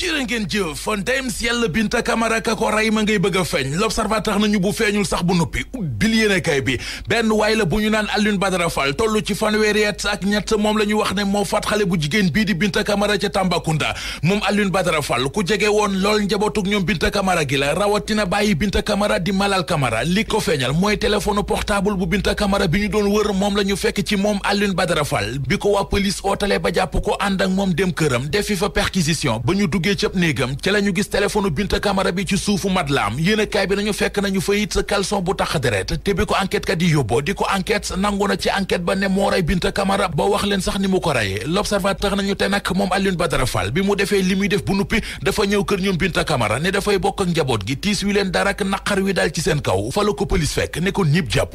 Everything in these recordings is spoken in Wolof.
jërë ngeen jëf ndem si yàlla Binta Camara ka ko rey ngay bëgg a feeñ l'observateur nañu bu feeñul sax bu noppi ubbil yéenekaay bi benn waay la ñu naan Alioune Badara Fall toll ci fanweeri at ak ñett moom la ñu wax ne moo faat xale bu jigéen bii di Binta Camara ca Tambacounda moom Alioune Badara Fall ku jege woon lool njabootug ñoom Binta Camara gi la rawatina bàyyi Binta Camara di Malal Camara li ko feeñal mooy téléphone portable bu Binta Camara bi ñu doon wër moom la ñu fekk ci moom Alioune Badara Fall bi ko waa police ootale moom dem këram defi fa perquisition ba duggee ci ab néegam ca la ñu gis téléphone Binta Camara bi ci suufu madlaam yéenekaay bi nañu fekk nañu fa it caleçon bu tax deret te bi ko enquête kat yi yóbboo di ko enquête nangu na ci enquête ba ne moo rey Binta Camara ba wax leen sax ni mu ko reyee l'observateur nañu te nag moom Alioune Badara Fall bi mu defee li def bu nuppi dafa ñëw kër ñoom Binta Camara ne dafay bokk njaboot gi tiis wi leen dara ak naqar wi daal ci seen kaw fa ko pëlis fekk ne ko ñib jàpp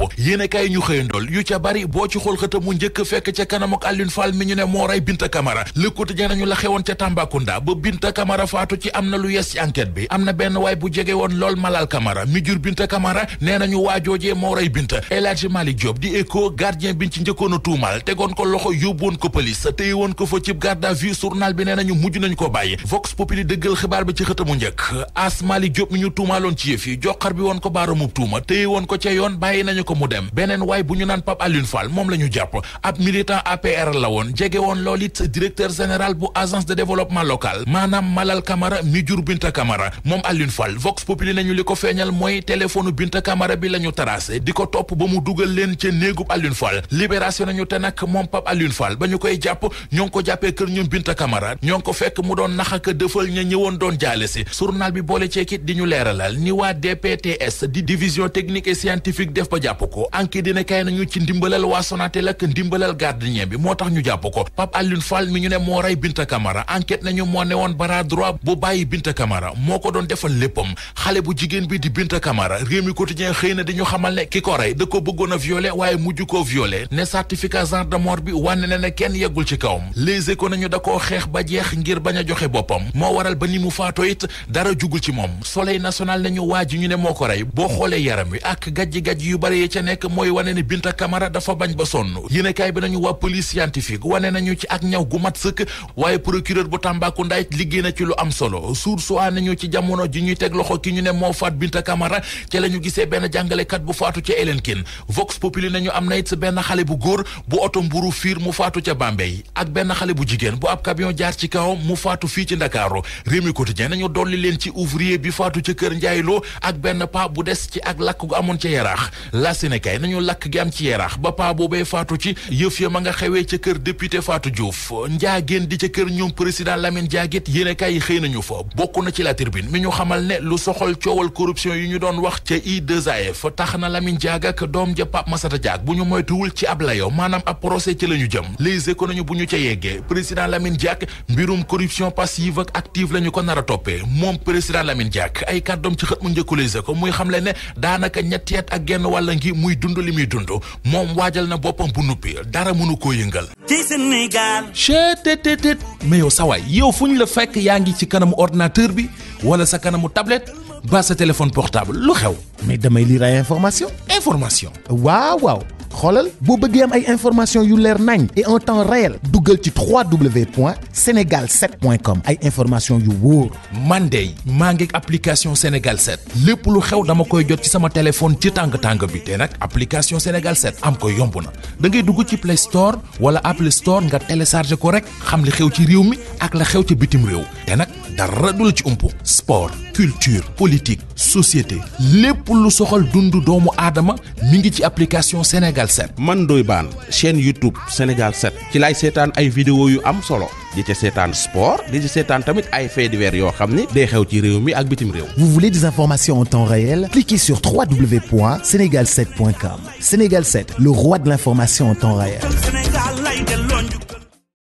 Camara faatu ci am na lu yes ci enquête bi am na benn waay bu jege woon lool Malal Camara mi jur Binta Camara nee nañu waajoojee moo rey Binta El Hadji Malick Diop di écho gardien biñ ci njëkkoon a tuumal tegoon ko loxo woon ko sa téye woon ko fa cib garde à vue journal bi nee nañu mujj nañ ko bàyyi Vox Populi dëggal xibaar bi ci xëtamu njëkk As Malick Diop mi ñu tuumaaloon ci yëf yi joxar bi woon ko mu tuuma téye woon ko ca yoon bàyyi nañu ko mu dem beneen waay bu ñu naan Pape Alioune moom la ñu jàpp ab militant APR la woon jege woon lool it directeur général bu agence développement local maanaam Malal Camara mi jur Binta Camara moom Alioune Fall Vox Populi nañu li ko feeñal mooy téléphone Binta Camara bi la ñu tracé di ko topp ba mu dugal leen ca néegub Alioune Fall libération nañu te nag moom Pape Alioune Fall ba ñu koy jàpp ñoo ko jàppee kër ñoom Binta Camara ñoo ko fekk mu doon naxaka dëfal ña ñëwoon doon jaale si journal bi boole ceekit di ñu leeralal ni waa DPTS di division technique et scientifique def ba jàpp ko anki dina kay nañu ci ndimbalal waa Sonatel ak ndimbalal gardien bi moo tax ñu jàpp ko Pape ñu ne moo rey Binta Camara nañu moo ne woon bara droit bu bàyyi bint kamara moo ko doon defal léppam xale bu jigéen bi di Binta Camara réew mi quotidien xëy na di ñu xamal ne ki ko rey da ko bëggoon a violé waaye mujj ko violé ne certificat genre de bi wane na ne kenn yeggul ci kawam les échos nañu da koo xeex ba jeex ngir bañ a joxe boppam moo waral ba ni mu faatoo it dara jugul ci moom soleil national nañu waa ji ñu ne moo ko rey boo xoolee yaram wi ak gajji-gajji yu bari yi ca nekk mooy wane ne Binta Camara dafa bañ ba sonn yéenekaay bi nañu waa police scientifique wane nañu ci ak ñaw gu mat sëkk waaye procureur bu Tambacounda liggéey ci lu am solo suur suwaa nañu ci jamono ji ñuy teg loxo ki ñu ne moo faat Binta Camara ci la ñu gisee benn jàngalekat bu faatu ca Elenkin Vox Populi nañu am na it benn xale bu góor bu oto mburu fiir mu faatu ca Bambey ak benn xale bu jigéen bu ab camion jaar ci kawam mu faatu fii ci Ndakaaru Rewmi Quotidien nañu dolli leen ci ouvrier bi faatu ca kër Njaayloo ak benn paa bu des ci ak lakk gu amoon ca Yaraax la Sénégal nañu lakk gi am ci Yaraax ba paa boobee faatu ci yëf ya nga xewee ca kër député Fatou Diouf njaageen di ca kër ñoom président Lamine Diaguet yéenekaay yi xëy nañu fa bokk na ci la tribune mi ñu xamal ne lu soxol coowal corruption yi ñu doon wax ca I2AF tax na Lamine Diack ak doom ja Pape Massata Diack bu ñu moytuwul ci ab layo maanaam ab procès ci la ñu jëm les économies bu ñu ca yeggee président Lamine Diack mbirum corruption passive ak active la ko nar a toppee moom président Lamine Diack ay kàddoom ci xët mu njëkkuleese ko muy xamle ne daanaka ñetti at ak genn wàll ngi muy dund li muy dund moom waajal na boppam bu nuppi dara mënu koo yëngal ci Sénégal mais yow sawaay yow yaa ngi ci kanamu ordinateur bi wala sa kanamu tablette ba sa téléphone portable lu xew mais damay lire ay information information waaw waaw xoolal boo bëggee am ay information yu leer nañ et en temps réel duggal ci www.senegal7.com ay information yu wóor man de maa ngi application Sénégal 7 lépp lu xew dama koy jot ci sama téléphone ci tàng tàng bi te nag application Sénégal 7 am ko yomb na da ngay dugg ci Play Store wala Apple Store nga téléchargé ko rek xam li xew ci réew mi ak la xew ci bitim réew te nag dara du la ci umpu sport culture politique société lépp lu soxal dundu doomu aadama mi ngi ci application Sénégal Sénégal 7 man Ndoye Bane chaîne YouTube Sénégal 7 ci laay seetaan ay vidéo yu am solo di ca seetaan sport di ci seetaan tamit ay faits divers yoo xam ni day xew ci réew mi ak bitim réew. Vous voulez des informations en temps réel? Cliquez sur www.sénégal7.com. Sénégal 7, le roi de l'information en temps réel.